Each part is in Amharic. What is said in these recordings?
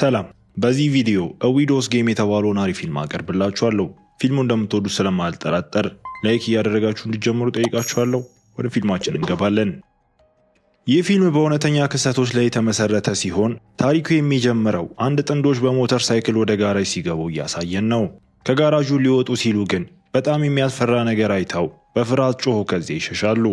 ሰላም። በዚህ ቪዲዮ ዊዶስ ጌም የተባለውን አሪፍ ፊልም አቀርብላችኋለሁ። ፊልሙ እንደምትወዱት ስለማልጠራጠር ላይክ እያደረጋችሁ እንዲጀምሩ ጠይቃችኋለሁ። ወደ ፊልማችን እንገባለን። ይህ ፊልም በእውነተኛ ክስተቶች ላይ የተመሰረተ ሲሆን ታሪኩ የሚጀምረው አንድ ጥንዶች በሞተር ሳይክል ወደ ጋራጅ ሲገቡ እያሳየን ነው። ከጋራጁ ሊወጡ ሲሉ ግን በጣም የሚያስፈራ ነገር አይተው በፍርሃት ጮሆ ከዚያ ይሸሻሉ።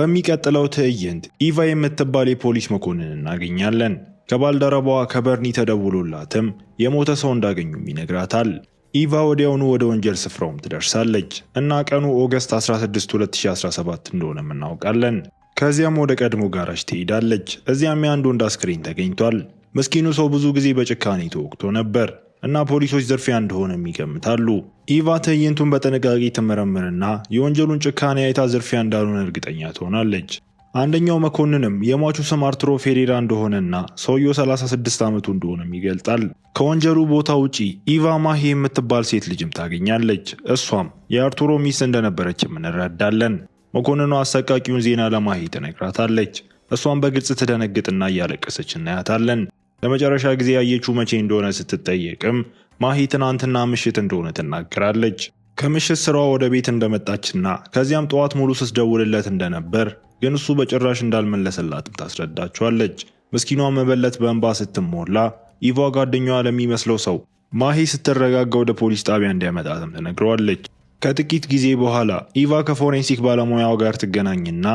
በሚቀጥለው ትዕይንት ኢቫ የምትባል የፖሊስ መኮንን እናገኛለን። ከባልደረባዋ ከበርኒ ተደውሎላትም የሞተ ሰው እንዳገኙም ይነግራታል። ኢቫ ወዲያውኑ ወደ ወንጀል ስፍራውም ትደርሳለች እና ቀኑ ኦገስት 16 2017 እንደሆነም እናውቃለን። ከዚያም ወደ ቀድሞ ጋራጅ ትሄዳለች። እዚያም የአንድ ወንድ አስክሬን ተገኝቷል። ምስኪኑ ሰው ብዙ ጊዜ በጭካኔ ተወቅቶ ነበር እና ፖሊሶች ዝርፊያ እንደሆነም ይገምታሉ። ኢቫ ትዕይንቱን በጥንቃቄ ትመረምርና የወንጀሉን ጭካኔ አይታ ዝርፊያ እንዳልሆነ እርግጠኛ ትሆናለች። አንደኛው መኮንንም የሟቹ ስም አርቱሮ ፌሬራ እንደሆነና ሰውየው 36 ዓመቱ እንደሆነም ይገልጣል። ከወንጀሉ ቦታ ውጪ ኢቫ ማሄ የምትባል ሴት ልጅም ታገኛለች። እሷም የአርቱሮ ሚስት እንደነበረችም እንረዳለን። መኮንኗ አሰቃቂውን ዜና ለማሄ ትነግራታለች። እሷም በግልጽ ትደነግጥና እያለቀሰች እናያታለን። ለመጨረሻ ጊዜ ያየችው መቼ እንደሆነ ስትጠየቅም ማሄ ትናንትና ምሽት እንደሆነ ትናገራለች። ከምሽት ስራዋ ወደ ቤት እንደመጣችና ከዚያም ጠዋት ሙሉ ስትደውልለት እንደነበር ግን እሱ በጭራሽ እንዳልመለሰላትም ታስረዳቸዋለች። ምስኪኗ መበለት በእንባ ስትሞላ ኢቫ ጓደኛዋ ለሚመስለው ሰው ማሂ ስትረጋጋ ወደ ፖሊስ ጣቢያ እንዲያመጣትም ተነግረዋለች። ከጥቂት ጊዜ በኋላ ኢቫ ከፎሬንሲክ ባለሙያው ጋር ትገናኝና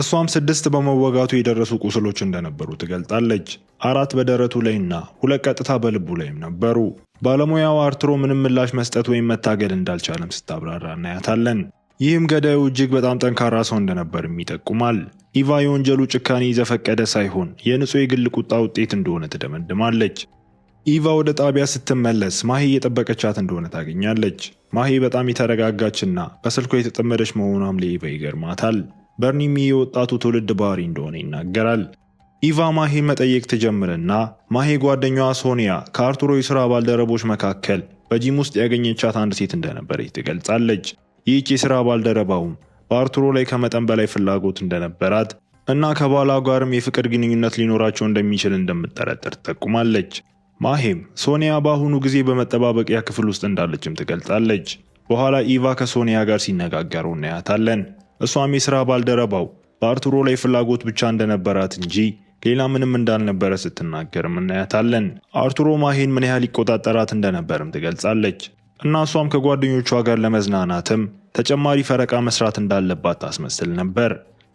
እሷም ስድስት በመወጋቱ የደረሱ ቁስሎች እንደነበሩ ትገልጣለች። አራት በደረቱ ላይና ሁለት ቀጥታ በልቡ ላይም ነበሩ። ባለሙያው አርትሮ ምንም ምላሽ መስጠት ወይም መታገል እንዳልቻለም ስታብራራ እናያታለን። ይህም ገዳዩ እጅግ በጣም ጠንካራ ሰው እንደነበርም ይጠቁማል። ኢቫ የወንጀሉ ጭካኔ ዘፈቀደ ሳይሆን የንጹሕ የግል ቁጣ ውጤት እንደሆነ ትደመድማለች። ኢቫ ወደ ጣቢያ ስትመለስ ማሂ እየጠበቀቻት እንደሆነ ታገኛለች። ማሂ በጣም የተረጋጋችና በስልኳ የተጠመደች መሆኗም ለኢቫ ይገርማታል። በርኒም የወጣቱ ትውልድ ባህሪ እንደሆነ ይናገራል። ኢቫ ማሄ መጠየቅ ትጀምርና ማሂ ጓደኛዋ ሶኒያ ከአርቱሮ የሥራ ባልደረቦች መካከል በጂም ውስጥ ያገኘቻት አንድ ሴት እንደነበረች ትገልጻለች። ይህች የሥራ ባልደረባውም በአርቱሮ ላይ ከመጠን በላይ ፍላጎት እንደነበራት እና ከባሏ ጋርም የፍቅር ግንኙነት ሊኖራቸው እንደሚችል እንደምጠረጠር ትጠቁማለች። ማሄም ሶኒያ በአሁኑ ጊዜ በመጠባበቂያ ክፍል ውስጥ እንዳለችም ትገልጻለች። በኋላ ኢቫ ከሶኒያ ጋር ሲነጋገሩ እናያታለን። እሷም የሥራ ባልደረባው በአርቱሮ ላይ ፍላጎት ብቻ እንደነበራት እንጂ ሌላ ምንም እንዳልነበረ ስትናገርም እናያታለን። አርቱሮ ማሄን ምን ያህል ይቆጣጠራት እንደነበርም ትገልጻለች። እና እሷም ከጓደኞቿ ጋር ለመዝናናትም ተጨማሪ ፈረቃ መስራት እንዳለባት ታስመስል ነበር።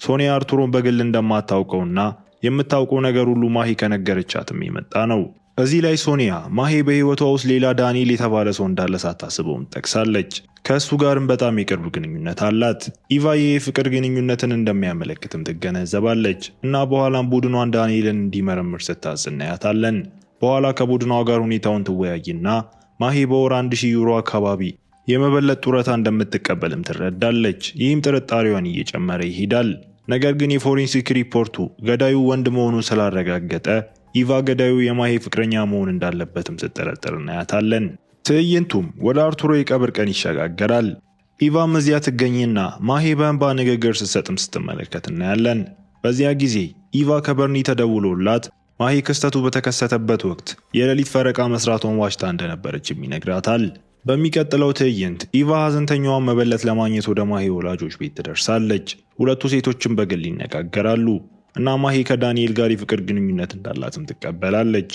ሶኒያ አርቱሮን በግል እንደማታውቀውና የምታውቀው ነገር ሁሉ ማሂ ከነገረቻትም የመጣ ነው። እዚህ ላይ ሶኒያ ማሂ በህይወቷ ውስጥ ሌላ ዳንኤል የተባለ ሰው እንዳለ ሳታስበውም ጠቅሳለች። ከእሱ ጋርም በጣም የቅርብ ግንኙነት አላት። ኢቫ የፍቅር ግንኙነትን እንደሚያመለክትም ትገነዘባለች እና በኋላም ቡድኗን ዳንኤልን እንዲመረምር ስታዝ እናያታለን። በኋላ ከቡድኗ ጋር ሁኔታውን ትወያይና ማሂ በወር 1000 ዩሮ አካባቢ የመበለጥ ጡረታ እንደምትቀበልም ትረዳለች። ይህም ጥርጣሬዋን እየጨመረ ይሄዳል። ነገር ግን የፎሬንሲክ ሪፖርቱ ገዳዩ ወንድ መሆኑን ስላረጋገጠ ኢቫ ገዳዩ የማሂ ፍቅረኛ መሆን እንዳለበትም ስትጠረጥር እናያታለን። ትዕይንቱም ወደ አርቱሮ የቀብር ቀን ይሸጋገራል። ኢቫም እዚያ ትገኝና ማሄ በእንባ ንግግር ስትሰጥም ስትመለከት እናያለን። በዚያ ጊዜ ኢቫ ከበርኒ ተደውሎላት ማሂ ክስተቱ በተከሰተበት ወቅት የሌሊት ፈረቃ መስራቷን ዋሽታ እንደነበረችም ይነግራታል። በሚቀጥለው ትዕይንት ኢቫ ሀዘንተኛዋን መበለት ለማግኘት ወደ ማሂ ወላጆች ቤት ትደርሳለች። ሁለቱ ሴቶችን በግል ይነጋገራሉ እና ማሂ ከዳንኤል ጋር የፍቅር ግንኙነት እንዳላትም ትቀበላለች።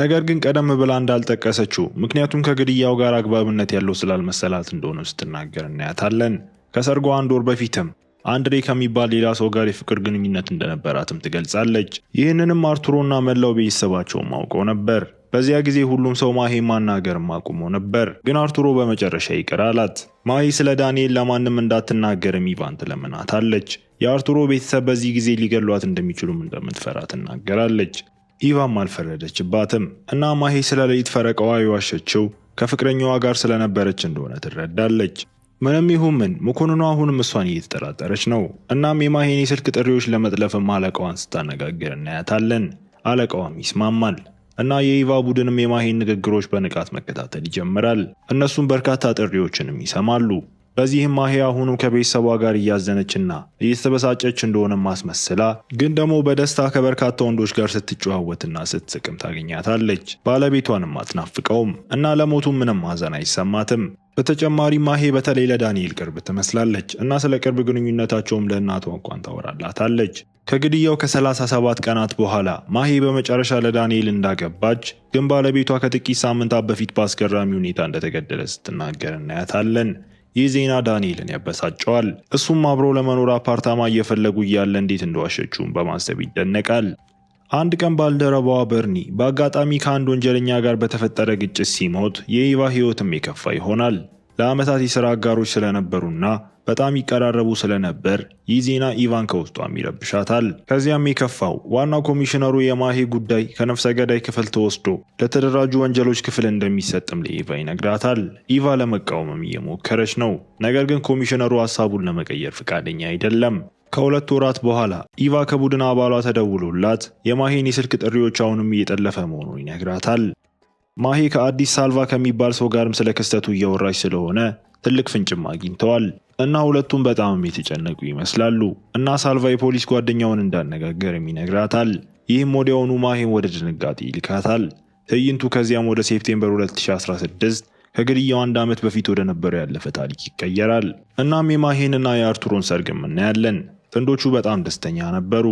ነገር ግን ቀደም ብላ እንዳልጠቀሰችው ምክንያቱም ከግድያው ጋር አግባብነት ያለው ስላልመሰላት እንደሆነ ስትናገር እናያታለን። ከሰርጓ አንድ ወር በፊትም አንድሬ ከሚባል ሌላ ሰው ጋር የፍቅር ግንኙነት እንደነበራትም ትገልጻለች። ይህንንም አርቱሮና መላው ቤተሰባቸውም አውቀው ነበር። በዚያ ጊዜ ሁሉም ሰው ማሄ ማናገር አቁሞ ነበር፣ ግን አርቱሮ በመጨረሻ ይቅር አላት። ማሄ ስለ ዳንኤል ለማንም እንዳትናገርም ኢቫን ትለምናታለች። የአርቱሮ ቤተሰብ በዚህ ጊዜ ሊገሏት እንደሚችሉም እንደምትፈራ ትናገራለች። ኢቫም አልፈረደችባትም እና ማሄ ስለ ሌሊት ፈረቃዋ የዋሸችው ከፍቅረኛዋ ጋር ስለነበረች እንደሆነ ትረዳለች። ምንም ይሁን ምን መኮንኑ አሁንም እሷን እየተጠራጠረች ነው። እናም የማሄን የስልክ ጥሪዎች ለመጥለፍም አለቃዋን ስታነጋግር እናያታለን። አለቃዋም ይስማማል እና የኢቫ ቡድንም የማሄን ንግግሮች በንቃት መከታተል ይጀምራል። እነሱም በርካታ ጥሪዎችንም ይሰማሉ። በዚህም ማሄ አሁኑ ከቤተሰቧ ጋር እያዘነችና እየተበሳጨች እንደሆነ ማስመስላ ግን ደግሞ በደስታ ከበርካታ ወንዶች ጋር ስትጨዋወትና ስትስቅም ታገኛታለች። ባለቤቷንም አትናፍቀውም እና ለሞቱ ምንም ሐዘን አይሰማትም። በተጨማሪ ማሄ በተለይ ለዳንኤል ቅርብ ትመስላለች እና ስለ ቅርብ ግንኙነታቸውም ለእናቷ እንኳን ታወራላታለች። ከግድያው ከ37 ቀናት በኋላ ማሄ በመጨረሻ ለዳንኤል እንዳገባች ግን ባለቤቷ ከጥቂት ሳምንታት በፊት በአስገራሚ ሁኔታ እንደተገደለ ስትናገር እናያታለን። ይህ ዜና ዳንኤልን ያበሳጨዋል። እሱም አብሮ ለመኖር አፓርታማ እየፈለጉ እያለ እንዴት እንደዋሸችውን በማሰብ ይደነቃል። አንድ ቀን ባልደረባዋ በርኒ በአጋጣሚ ከአንድ ወንጀለኛ ጋር በተፈጠረ ግጭት ሲሞት የኢቫ ሕይወትም የከፋ ይሆናል። ለዓመታት የሥራ አጋሮች ስለነበሩና በጣም ይቀራረቡ ስለነበር ይህ ዜና ኢቫን ከውስጧም ይረብሻታል። ከዚያም የከፋው ዋናው ኮሚሽነሩ የማሄ ጉዳይ ከነፍሰ ገዳይ ክፍል ተወስዶ ለተደራጁ ወንጀሎች ክፍል እንደሚሰጥም ለኢቫ ይነግራታል። ኢቫ ለመቃወምም እየሞከረች ነው። ነገር ግን ኮሚሽነሩ ሀሳቡን ለመቀየር ፈቃደኛ አይደለም። ከሁለት ወራት በኋላ ኢቫ ከቡድን አባሏ ተደውሎላት የማሄን የስልክ ጥሪዎች አሁንም እየጠለፈ መሆኑን ይነግራታል። ማሄ ከአዲስ ሳልቫ ከሚባል ሰው ጋርም ስለ ክስተቱ እያወራች ስለሆነ ትልቅ ፍንጭም አግኝተዋል እና ሁለቱም በጣም የተጨነቁ ይመስላሉ እና ሳልቫ የፖሊስ ጓደኛውን እንዳነጋገርም ይነግራታል። ይህም ወዲያውኑ ማሄን ወደ ድንጋጤ ይልካታል። ትዕይንቱ ከዚያም ወደ ሴፕቴምበር 2016 ከግድያው አንድ ዓመት በፊት ወደ ነበረው ያለፈ ታሪክ ይቀየራል። እናም የማሄንና የአርቱሮን ሰርግም እናያለን። ጥንዶቹ በጣም ደስተኛ ነበሩ።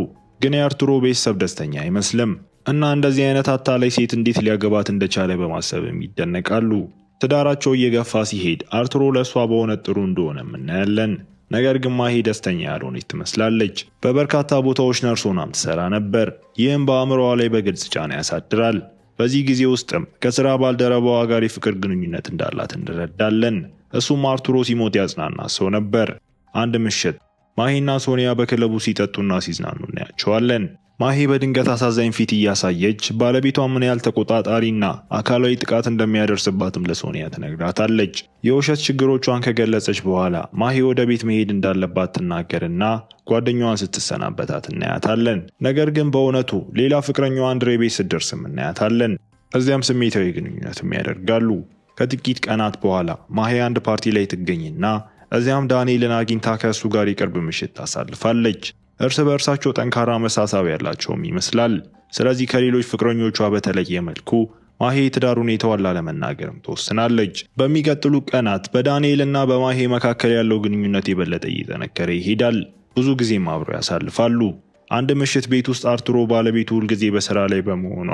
ግን የአርቱሮ ቤተሰብ ደስተኛ አይመስልም እና እንደዚህ አይነት አታላይ ሴት እንዴት ሊያገባት እንደቻለ በማሰብም ይደነቃሉ። ትዳራቸው እየገፋ ሲሄድ አርቱሮ ለእሷ በሆነ ጥሩ እንደሆነ እናያለን። ነገር ግን ማሂ ደስተኛ ያልሆነች ትመስላለች። በበርካታ ቦታዎች ነርስ ሆናም ትሰራ ነበር። ይህም በአእምሮዋ ላይ በግልጽ ጫና ያሳድራል። በዚህ ጊዜ ውስጥም ከስራ ባልደረባዋ ጋር የፍቅር ግንኙነት እንዳላት እንረዳለን። እሱም አርቱሮ ሲሞት ያጽናና ሰው ነበር። አንድ ምሽት ማሄና ሶኒያ በክለቡ ሲጠጡና ሲዝናኑ እናያቸዋለን። ማሄ በድንገት አሳዛኝ ፊት እያሳየች ባለቤቷ ምን ያህል ተቆጣጣሪና አካላዊ ጥቃት እንደሚያደርስባትም ለሶኒያ ትነግራታለች። የውሸት ችግሮቿን ከገለጸች በኋላ ማሄ ወደ ቤት መሄድ እንዳለባት ትናገርና ጓደኛዋን ስትሰናበታት እናያታለን። ነገር ግን በእውነቱ ሌላ ፍቅረኛዋ አንድሬ ቤት ስትደርስም እናያታለን። እዚያም ስሜታዊ ግንኙነትም ያደርጋሉ። ከጥቂት ቀናት በኋላ ማሄ አንድ ፓርቲ ላይ ትገኝና እዚያም ዳንኤልን አግኝታ ከእሱ ጋር የቅርብ ምሽት ታሳልፋለች። እርስ በእርሳቸው ጠንካራ መሳሳብ ያላቸውም ይመስላል። ስለዚህ ከሌሎች ፍቅረኞቿ በተለየ መልኩ ማሄ ትዳሩን የተዋላ ለመናገርም ትወስናለች። በሚቀጥሉ ቀናት በዳንኤልና በማሄ መካከል ያለው ግንኙነት የበለጠ እየጠነከረ ይሄዳል። ብዙ ጊዜም አብረው ያሳልፋሉ። አንድ ምሽት ቤት ውስጥ አርትሮ ባለቤቱ ሁልጊዜ በስራ ላይ በመሆኗ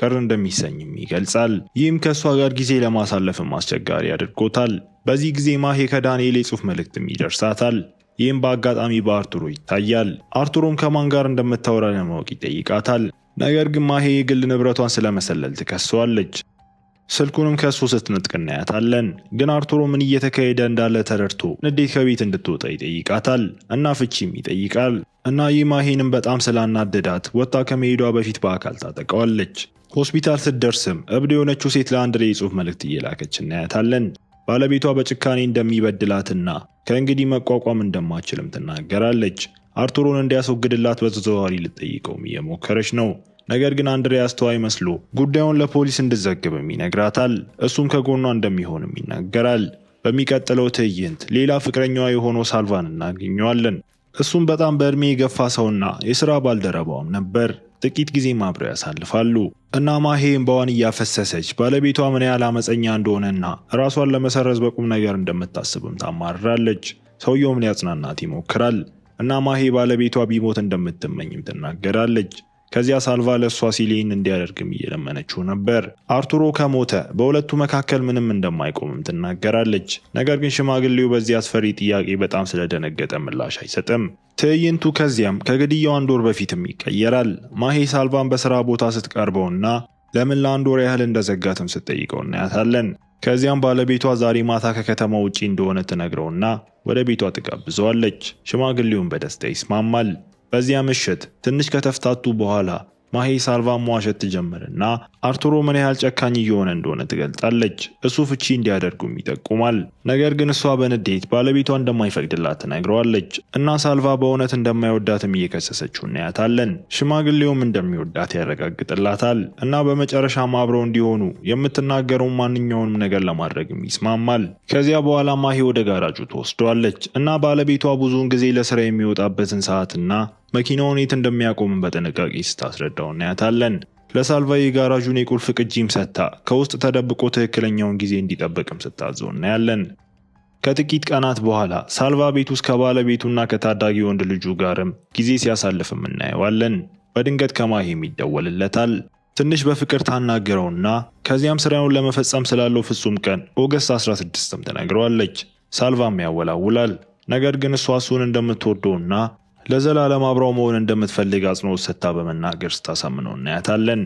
ቅር እንደሚሰኝም ይገልጻል። ይህም ከእሷ ጋር ጊዜ ለማሳለፍም አስቸጋሪ አድርጎታል። በዚህ ጊዜ ማሄ ከዳንኤል የጽሑፍ መልእክትም ይደርሳታል። ይህም በአጋጣሚ በአርቱሮ ይታያል። አርቱሮም ከማን ጋር እንደምታወራ ለማወቅ ይጠይቃታል። ነገር ግን ማሄ የግል ንብረቷን ስለመሰለል ትከሰዋለች። ስልኩንም ከእሱ ስትነጥቅ እናያታለን። ግን አርቱሮ ምን እየተካሄደ እንዳለ ተረድቶ ንዴት ከቤት እንድትወጣ ይጠይቃታል እና ፍቺም ይጠይቃል። እና ይማ ይሄንም በጣም ስላናደዳት ወጥታ ከመሄዷ በፊት በአካል ታጠቀዋለች። ሆስፒታል ስትደርስም እብድ የሆነችው ሴት ለአንድሬ የጽሑፍ መልእክት እየላከች እናያታለን። ባለቤቷ በጭካኔ እንደሚበድላትና ከእንግዲህ መቋቋም እንደማችልም ትናገራለች። አርቱሮን እንዲያስወግድላት በተዘዋዋሪ ልጠይቀውም እየሞከረች ነው። ነገር ግን አንድሬ አስተዋይ መስሎ ጉዳዩን ለፖሊስ እንድዘግብም ይነግራታል። እሱም ከጎኗ እንደሚሆንም ይናገራል። በሚቀጥለው ትዕይንት ሌላ ፍቅረኛዋ የሆነው ሳልቫን እናገኘዋለን። እሱም በጣም በእድሜ የገፋ ሰውና የሥራ ባልደረባውም ነበር። ጥቂት ጊዜ አብረው ያሳልፋሉ። እናማ ማሄ እንባዋን እያፈሰሰች ባለቤቷ ምን ያህል አመፀኛ እንደሆነና ራሷን ለመሰረዝ በቁም ነገር እንደምታስብም ታማርራለች። ሰውየውም ሊያጽናናት ይሞክራል። እና ማሄ ባለቤቷ ቢሞት እንደምትመኝም ትናገራለች። ከዚያ ሳልቫ ለእሷ ሲል ይህን እንዲያደርግም እየለመነችው ነበር። አርቱሮ ከሞተ በሁለቱ መካከል ምንም እንደማይቆምም ትናገራለች። ነገር ግን ሽማግሌው በዚህ አስፈሪ ጥያቄ በጣም ስለደነገጠ ምላሽ አይሰጥም። ትዕይንቱ ከዚያም ከግድያው አንድ ወር በፊትም ይቀየራል። ማሄ ሳልቫን በስራ ቦታ ስትቀርበውና ለምን ለአንድ ወር ያህል እንደዘጋትም ስትጠይቀው እናያታለን። ከዚያም ባለቤቷ ዛሬ ማታ ከከተማ ውጪ እንደሆነ ትነግረውና ወደ ቤቷ ትጋብዘዋለች። ሽማግሌውን በደስታ ይስማማል። በዚያ ምሽት ትንሽ ከተፍታቱ በኋላ ማሄ ሳልቫ መዋሸት ትጀምርና አርቱሮ ምን ያህል ጨካኝ እየሆነ እንደሆነ ትገልጻለች። እሱ ፍቺ እንዲያደርጉም ይጠቁማል። ነገር ግን እሷ በንዴት ባለቤቷ እንደማይፈቅድላት ትነግረዋለች እና ሳልቫ በእውነት እንደማይወዳትም እየከሰሰችው እናያታለን። ሽማግሌውም እንደሚወዳት ያረጋግጥላታል እና በመጨረሻም አብረው እንዲሆኑ የምትናገረውን ማንኛውንም ነገር ለማድረግም ይስማማል። ከዚያ በኋላ ማሄ ወደ ጋራጁ ትወስደዋለች እና ባለቤቷ ብዙውን ጊዜ ለስራ የሚወጣበትን ሰዓትና መኪናውን የት እንደሚያቆም በጥንቃቄ ስታስረዳው እናያታለን። ለሳልቫ የጋራዡን የቁልፍ ቅጂም ሰጥታ ከውስጥ ተደብቆ ትክክለኛውን ጊዜ እንዲጠብቅም ስታዘው እናያለን። ከጥቂት ቀናት በኋላ ሳልቫ ቤት ውስጥ ከባለቤቱና ከታዳጊ ወንድ ልጁ ጋርም ጊዜ ሲያሳልፍም እናየዋለን። በድንገት ከማሄም ይደወልለታል። ትንሽ በፍቅር ታናግረውና ከዚያም ስራውን ለመፈጸም ስላለው ፍጹም ቀን ኦገስት 16ም ትነግረዋለች። ሳልቫም ያወላውላል። ነገር ግን እሷ እሱን እንደምትወደውና ለዘላለም አብረው መሆን እንደምትፈልግ አጽንኦት ሰጥታ በመናገር ስታሳምነው እናያታለን።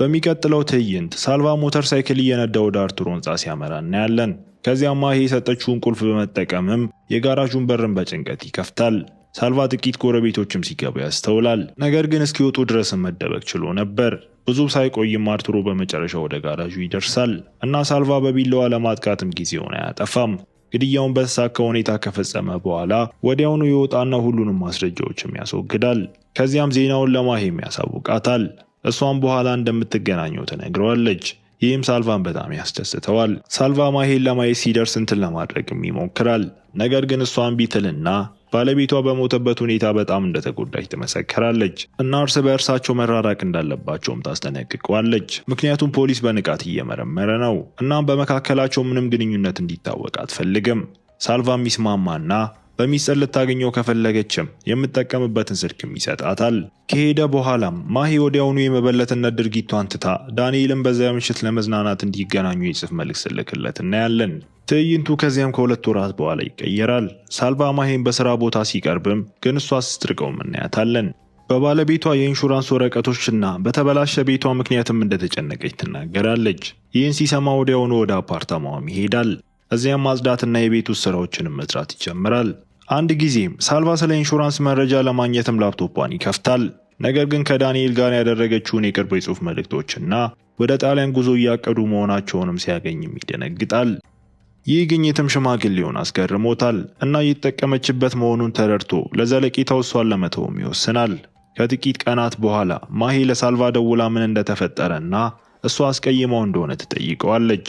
በሚቀጥለው ትዕይንት ሳልቫ ሞተር ሳይክል እየነዳ ወደ አርቱሮ ህንፃ ሲያመራ እናያለን። ከዚያም ማሄ የሰጠችውን ቁልፍ በመጠቀምም የጋራዡን በርን በጭንቀት ይከፍታል። ሳልቫ ጥቂት ጎረቤቶችም ሲገቡ ያስተውላል። ነገር ግን እስኪወጡ ድረስም መደበቅ ችሎ ነበር። ብዙ ሳይቆይም አርቱሮ በመጨረሻ ወደ ጋራዡ ይደርሳል እና ሳልቫ በቢላዋ ለማጥቃትም ጊዜውን አያጠፋም። ግድያውን በተሳካ ሁኔታ ከፈጸመ በኋላ ወዲያውኑ ይወጣና ሁሉንም ማስረጃዎችም ያስወግዳል። ከዚያም ዜናውን ለማሄም ያሳውቃታል። እሷም በኋላ እንደምትገናኘው ትነግረዋለች። ይህም ሳልቫን በጣም ያስደስተዋል። ሳልቫ ማሄን ለማየት ሲደርስ እንትን ለማድረግም ይሞክራል። ነገር ግን እሷን ቢትልና ባለቤቷ በሞተበት ሁኔታ በጣም እንደተጎዳች ትመሰከራለች እና እርስ በእርሳቸው መራራቅ እንዳለባቸውም ታስጠነቅቀዋለች። ምክንያቱም ፖሊስ በንቃት እየመረመረ ነው። እናም በመካከላቸው ምንም ግንኙነት እንዲታወቅ አትፈልግም። ሳልቫ ይስማማና በሚስጥር ልታገኘው ከፈለገችም የምጠቀምበትን ስልክም ይሰጣታል። ከሄደ በኋላም ማሂ ወዲያውኑ የመበለትነት ድርጊቷን ትታ ዳንኤልን በዚያ ምሽት ለመዝናናት እንዲገናኙ የጽፍ መልእክት ስልክለት እናያለን። ትዕይንቱ ከዚያም ከሁለት ወራት በኋላ ይቀየራል። ሳልቫ ማሄን በስራ ቦታ ሲቀርብም ግን እሷ ስትርቀውም እናያታለን። በባለቤቷ የኢንሹራንስ ወረቀቶችና በተበላሸ ቤቷ ምክንያትም እንደተጨነቀች ትናገራለች። ይህን ሲሰማ ወዲያውኑ ወደ አፓርታማዋም ይሄዳል። እዚያም ማጽዳትና የቤት ውስጥ ስራዎችንም መስራት ይጀምራል። አንድ ጊዜም ሳልቫ ስለ ኢንሹራንስ መረጃ ለማግኘትም ላፕቶፓን ይከፍታል። ነገር ግን ከዳንኤል ጋር ያደረገችውን የቅርብ የጽሁፍ መልእክቶችና ወደ ጣሊያን ጉዞ እያቀዱ መሆናቸውንም ሲያገኝም ይደነግጣል። ይህ ግኝትም ሽማግሌውን አስገርሞታል እና እየተጠቀመችበት መሆኑን ተረድቶ ለዘለቂታው እሷን ለመተውም ይወስናል። ከጥቂት ቀናት በኋላ ማሄ ለሳልቫ ደውላ ምን እንደተፈጠረ እና እሷ አስቀይመው እንደሆነ ትጠይቀዋለች።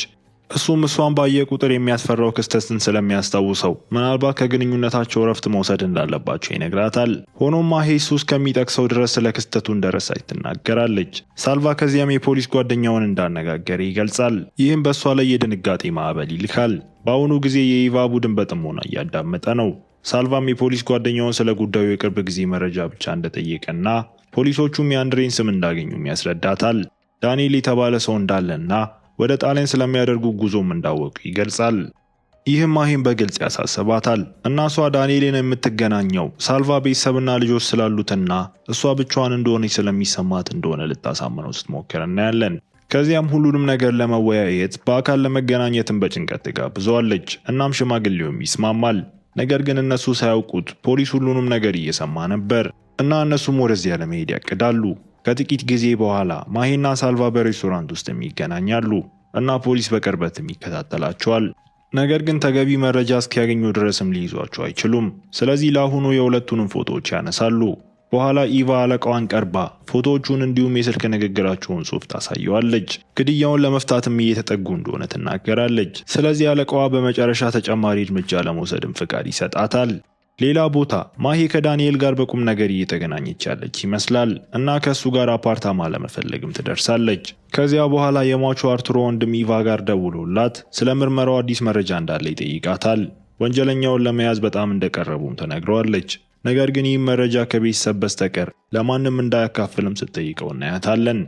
እሱም እሷን ባየ ቁጥር የሚያስፈራው ክስተትን ስለሚያስታውሰው ምናልባት ከግንኙነታቸው እረፍት መውሰድ እንዳለባቸው ይነግራታል። ሆኖም ማሄ ሱስ ከሚጠቅሰው ድረስ ስለ ክስተቱ እንደረሳች ትናገራለች። ሳልቫ ከዚያም የፖሊስ ጓደኛውን እንዳነጋገረ ይገልጻል። ይህም በእሷ ላይ የድንጋጤ ማዕበል ይልካል። በአሁኑ ጊዜ የኢቫ ቡድን በጥሞና እያዳመጠ ነው። ሳልቫም የፖሊስ ጓደኛውን ስለ ጉዳዩ የቅርብ ጊዜ መረጃ ብቻ እንደጠየቀና ፖሊሶቹም የአንድሬን ስም እንዳገኙም ያስረዳታል። ዳንኤል የተባለ ሰው እንዳለና ወደ ጣሊያን ስለሚያደርጉ ጉዞም እንዳወቁ ይገልጻል። ይህም ማሂን በግልጽ ያሳስባታል። እናሷ ዳንኤልን የምትገናኘው ሳልቫ ቤተሰብና ልጆች ስላሉትና እሷ ብቻዋን እንደሆነች ስለሚሰማት እንደሆነ ልታሳምነው ስትሞክር እናያለን። ከዚያም ሁሉንም ነገር ለመወያየት በአካል ለመገናኘትን በጭንቀት ትጋብዘዋለች። እናም ሽማግሌውም ይስማማል። ነገር ግን እነሱ ሳያውቁት ፖሊስ ሁሉንም ነገር እየሰማ ነበር እና እነሱም ወደዚያ ለመሄድ ያቅዳሉ። ከጥቂት ጊዜ በኋላ ማሄና ሳልቫ በሬስቶራንት ውስጥ የሚገናኛሉ እና ፖሊስ በቅርበትም ይከታተላቸዋል። ነገር ግን ተገቢ መረጃ እስኪያገኙ ድረስም ሊይዟቸው አይችሉም። ስለዚህ ለአሁኑ የሁለቱንም ፎቶዎች ያነሳሉ። በኋላ ኢቫ አለቃዋን ቀርባ ፎቶዎቹን እንዲሁም የስልክ ንግግራቸውን ጽሑፍ ታሳየዋለች። ግድያውን ለመፍታትም እየተጠጉ እንደሆነ ትናገራለች። ስለዚህ አለቃዋ በመጨረሻ ተጨማሪ እርምጃ ለመውሰድም ፍቃድ ይሰጣታል። ሌላ ቦታ ማሄ ከዳንኤል ጋር በቁም ነገር እየተገናኘች ያለች ይመስላል እና ከእሱ ጋር አፓርታማ ለመፈለግም ትደርሳለች። ከዚያ በኋላ የሟቹ አርቱሮ ወንድም ኢቫ ጋር ደውሎላት ስለ ምርመራው አዲስ መረጃ እንዳለ ይጠይቃታል። ወንጀለኛውን ለመያዝ በጣም እንደቀረቡም ተነግረዋለች። ነገር ግን ይህም መረጃ ከቤተሰብ በስተቀር ለማንም እንዳያካፍልም ስትጠይቀው እናያታለን።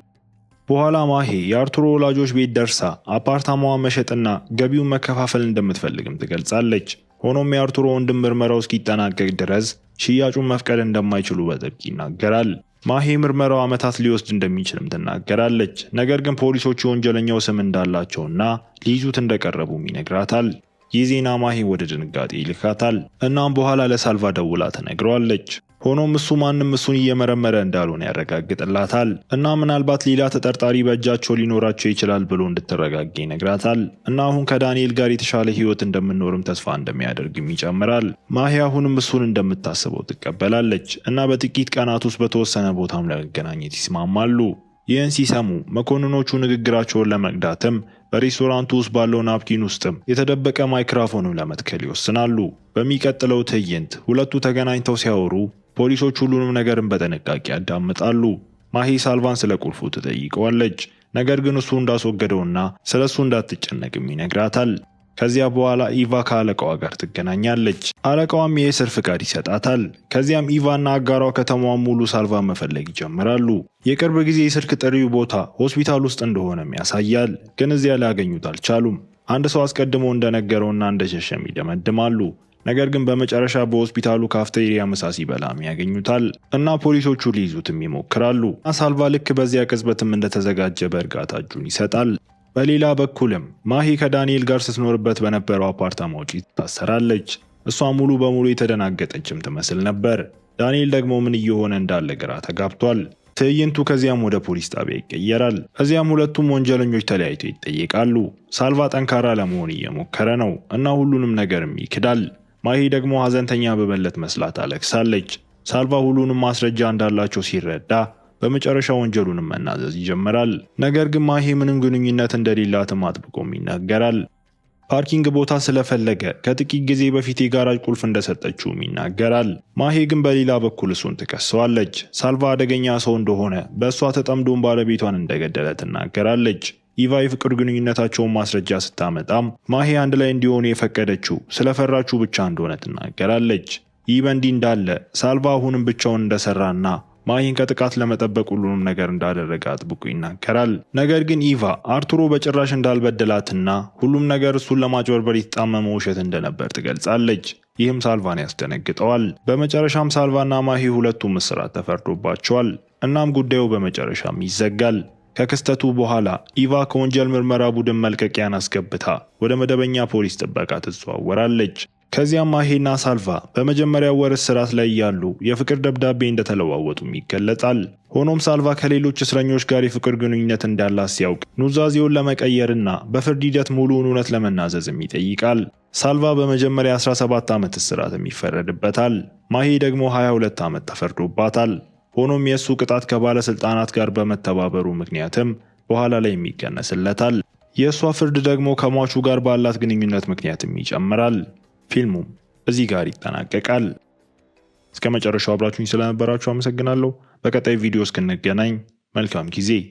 በኋላ ማሄ የአርቱሮ ወላጆች ቤት ደርሳ አፓርታማዋ መሸጥና ገቢውን መከፋፈል እንደምትፈልግም ትገልጻለች። ሆኖም የአርቱሮ ወንድም ምርመራው እስኪጠናቀቅ ድረስ ሽያጩን መፍቀድ እንደማይችሉ በጥብቅ ይናገራል። ማሄ ምርመራው ዓመታት ሊወስድ እንደሚችልም ትናገራለች። ነገር ግን ፖሊሶቹ የወንጀለኛው ስም እንዳላቸውና ሊይዙት እንደቀረቡም ይነግራታል። ይህ ዜና ማሄ ወደ ድንጋጤ ይልካታል። እናም በኋላ ለሳልቫ ደውላ ተነግረዋለች። ሆኖም እሱ ማንም እሱን እየመረመረ እንዳልሆነ ያረጋግጥላታል እና ምናልባት ሌላ ተጠርጣሪ በእጃቸው ሊኖራቸው ይችላል ብሎ እንድትረጋጋ ይነግራታል እና አሁን ከዳንኤል ጋር የተሻለ ህይወት እንደምኖርም ተስፋ እንደሚያደርግም ይጨምራል። ማሂ አሁንም እሱን እንደምታስበው ትቀበላለች እና በጥቂት ቀናት ውስጥ በተወሰነ ቦታም ለመገናኘት ይስማማሉ። ይህን ሲሰሙ መኮንኖቹ ንግግራቸውን ለመቅዳትም በሬስቶራንቱ ውስጥ ባለው ናፕኪን ውስጥም የተደበቀ ማይክሮፎንም ለመትከል ይወስናሉ። በሚቀጥለው ትዕይንት ሁለቱ ተገናኝተው ሲያወሩ ፖሊሶች ሁሉንም ነገርን በጥንቃቄ ያዳምጣሉ። ማሂ ሳልቫን ስለ ቁልፉ ትጠይቀዋለች። ነገር ግን እሱ እንዳስወገደውና ስለ እሱ እንዳትጨነቅም ይነግራታል። ከዚያ በኋላ ኢቫ ከአለቃዋ ጋር ትገናኛለች። አለቃዋም የእስር ፍቃድ ይሰጣታል። ከዚያም ኢቫና አጋሯ ከተማዋን ሙሉ ሳልቫ መፈለግ ይጀምራሉ። የቅርብ ጊዜ የስልክ ጥሪው ቦታ ሆስፒታል ውስጥ እንደሆነም ያሳያል። ግን እዚያ ሊያገኙት አልቻሉም። አንድ ሰው አስቀድሞ እንደነገረውና እንደሸሸም ይደመድማሉ። ነገር ግን በመጨረሻ በሆስፒታሉ ካፍቴሪያ ምሳ ሲበላም ያገኙታል እና ፖሊሶቹ ሊይዙትም ይሞክራሉ። ሳልቫ ልክ በዚያ ቅጽበትም እንደተዘጋጀ በእርጋታ እጁን ይሰጣል። በሌላ በኩልም ማሂ ከዳንኤል ጋር ስትኖርበት በነበረው አፓርታማ ውጪ ትታሰራለች። እሷ ሙሉ በሙሉ የተደናገጠችም ትመስል ነበር። ዳንኤል ደግሞ ምን እየሆነ እንዳለ ግራ ተጋብቷል። ትዕይንቱ ከዚያም ወደ ፖሊስ ጣቢያ ይቀየራል። እዚያም ሁለቱም ወንጀለኞች ተለያይቶ ይጠየቃሉ። ሳልቫ ጠንካራ ለመሆን እየሞከረ ነው እና ሁሉንም ነገርም ይክዳል። ማሂ ደግሞ ሐዘንተኛ በበለት መስላት አለቅሳለች። ሳልቫ ሁሉንም ማስረጃ እንዳላቸው ሲረዳ በመጨረሻ ወንጀሉንም መናዘዝ ይጀምራል። ነገር ግን ማሂ ምንም ግንኙነት እንደሌላትም አጥብቆም ይናገራል። ፓርኪንግ ቦታ ስለፈለገ ከጥቂት ጊዜ በፊት የጋራጅ ቁልፍ እንደሰጠችውም ይናገራል። ማሄ ግን በሌላ በኩል እሱን ትከሰዋለች። ሳልቫ አደገኛ ሰው እንደሆነ በእሷ ተጠምዶን ባለቤቷን እንደገደለ ትናገራለች። ኢቫ የፍቅር ግንኙነታቸውን ማስረጃ ስታመጣም ማሄ አንድ ላይ እንዲሆኑ የፈቀደችው ስለፈራችሁ ብቻ እንደሆነ ትናገራለች። ይህ በእንዲህ እንዳለ ሳልቫ አሁንም ብቻውን እንደሰራና ማሂን ከጥቃት ለመጠበቅ ሁሉንም ነገር እንዳደረገ አጥብቆ ይናገራል። ነገር ግን ኢቫ አርቱሮ በጭራሽ እንዳልበደላትና ሁሉም ነገር እሱን ለማጭበርበር የተጣመመ ውሸት እንደነበር ትገልጻለች። ይህም ሳልቫን ያስደነግጠዋል። በመጨረሻም ሳልቫና ማሂ ሁለቱም እስራት ተፈርዶባቸዋል። እናም ጉዳዩ በመጨረሻም ይዘጋል። ከክስተቱ በኋላ ኢቫ ከወንጀል ምርመራ ቡድን መልቀቂያን አስገብታ ወደ መደበኛ ፖሊስ ጥበቃ ትዘዋወራለች። ከዚያም ማሄና ሳልቫ በመጀመሪያው ወር እስራት ላይ ያሉ የፍቅር ደብዳቤ እንደተለዋወጡም ይገለጻል። ሆኖም ሳልቫ ከሌሎች እስረኞች ጋር የፍቅር ግንኙነት እንዳላት ሲያውቅ ኑዛዜውን ለመቀየርና በፍርድ ሂደት ሙሉውን እውነት ለመናዘዝም ይጠይቃል። ሳልቫ በመጀመሪያ 17 ዓመት እስራትም ይፈረድበታል። ማሄ ደግሞ 22 ዓመት ተፈርዶባታል። ሆኖም የእሱ ቅጣት ከባለስልጣናት ጋር በመተባበሩ ምክንያትም በኋላ ላይ የሚቀነስለታል። የእሷ ፍርድ ደግሞ ከሟቹ ጋር ባላት ግንኙነት ምክንያትም ይጨምራል። ፊልሙም እዚህ ጋር ይጠናቀቃል። እስከ መጨረሻው አብራችሁኝ ስለነበራችሁ አመሰግናለሁ። በቀጣይ ቪዲዮ እስክንገናኝ መልካም ጊዜ